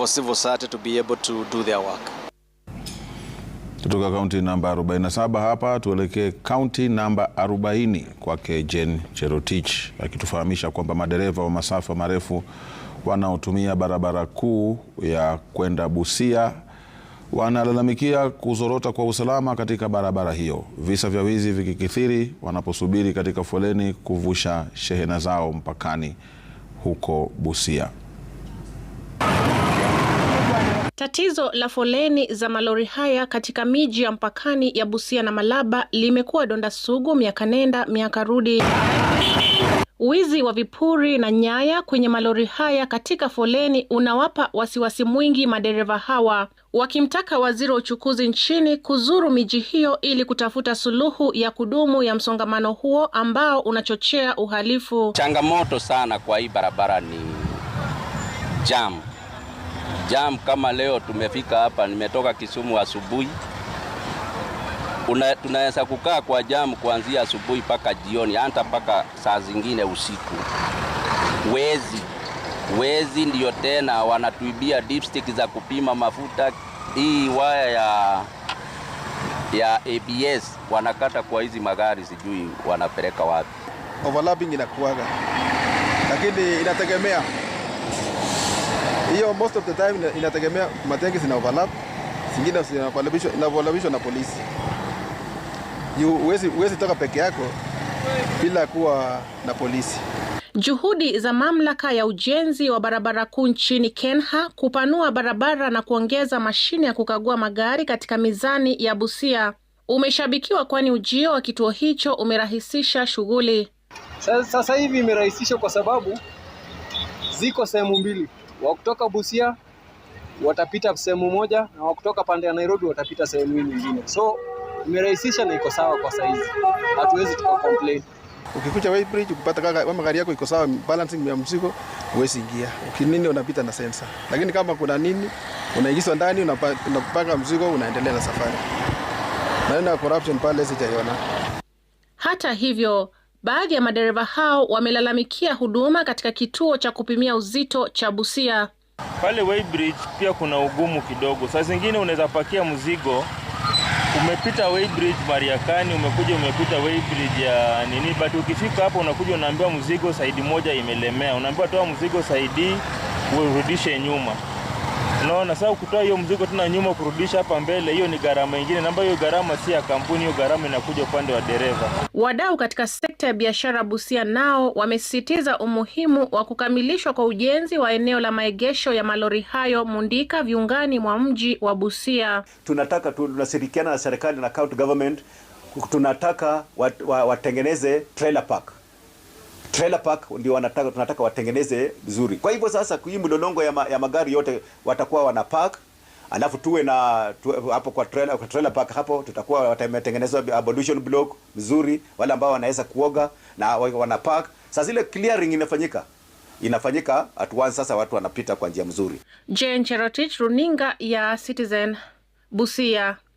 for civil society to be able to do their work. Kutoka kaunti namba 47 hapa tuelekee kaunti namba 40 kwake Jen Cherotich akitufahamisha kwamba madereva wa masafa marefu wanaotumia barabara kuu ya kwenda Busia wanalalamikia kuzorota kwa usalama katika barabara hiyo, visa vya wizi vikikithiri wanaposubiri katika foleni kuvusha shehena zao mpakani huko Busia. Tatizo la foleni za malori haya katika miji ya mpakani ya Busia na Malaba limekuwa donda sugu miaka nenda miaka rudi. Wizi wa vipuri na nyaya kwenye malori haya katika foleni unawapa wasiwasi mwingi madereva hawa, wakimtaka waziri wa uchukuzi nchini kuzuru miji hiyo ili kutafuta suluhu ya kudumu ya msongamano huo ambao unachochea uhalifu. Changamoto sana kwa hii barabara ni jamu jam kama leo tumefika hapa, nimetoka Kisumu asubuhi, tunaweza kukaa kwa jamu kuanzia asubuhi mpaka jioni, hata mpaka saa zingine usiku. Wezi wezi ndio tena wanatuibia dipstick za kupima mafuta, hii waya ya ya ABS wanakata kwa hizi magari, sijui wanapeleka wapi. Overlapping inakuwaga, lakini inategemea hiyo most of the time inategemea matenki zina overlap, zingine zinaoverlapishwa na polisi. Huwezi huwezi toka peke yako bila kuwa na polisi. Juhudi za mamlaka ya ujenzi wa barabara kuu nchini kenha kupanua barabara na kuongeza mashine ya kukagua magari katika mizani ya Busia umeshabikiwa, kwani ujio wa kituo hicho umerahisisha shughuli. Sasa hivi imerahisisha kwa sababu ziko sehemu mbili wa kutoka Busia watapita sehemu moja na wa kutoka pande ya Nairobi watapita sehemu nyingine. So imerahisisha na iko sawa kwa saizi, hatuwezi tuka complain. Ukikuja weighbridge ukipata kama gari yako iko sawa, balancing ya mzigo huwezi ingia. Ukinini unapita na sensor, lakini kama kuna nini unaingizwa ndani, unapanga mzigo, unaendelea na safari. Naona corruption pale sijaiona. Hata hivyo Baadhi ya madereva hao wamelalamikia huduma katika kituo cha kupimia uzito cha Busia. Pale weighbridge pia kuna ugumu kidogo, saa zingine unaweza pakia mzigo umepita weighbridge Mariakani, umekuja umepita weighbridge ya nini, but ukifika hapo unakuja unaambiwa mzigo saidi moja imelemea, unaambiwa toa mzigo saidi urudishe nyuma. Unaona, sasa kutoa hiyo mzigo tena nyuma kurudisha hapa mbele, hiyo ni gharama nyingine, na hiyo gharama si ya kampuni, hiyo gharama inakuja upande wa dereva. Wadau katika sekta ya biashara Busia nao wamesisitiza umuhimu wa kukamilishwa kwa ujenzi wa eneo la maegesho ya malori hayo Mundika, viungani mwa mji wa Busia. Tunataka tunashirikiana na serikali na county government, tunataka wat, wat, watengeneze trailer park trailer park ndio wanataka tunataka watengeneze vizuri. Kwa hivyo sasa hii mlolongo ya, ma, ya magari yote watakuwa wana park alafu tuwe na tuwe, hapo kwa trailer, kwa trailer park hapo tutakuwa wametengenezwa ablution block mzuri, wale ambao wanaweza kuoga na wana park. Sasa zile clearing inafanyika inafanyika at once, sasa watu wanapita kwa njia mzuri. Jane Cherotich, runinga ya Citizen, Busia.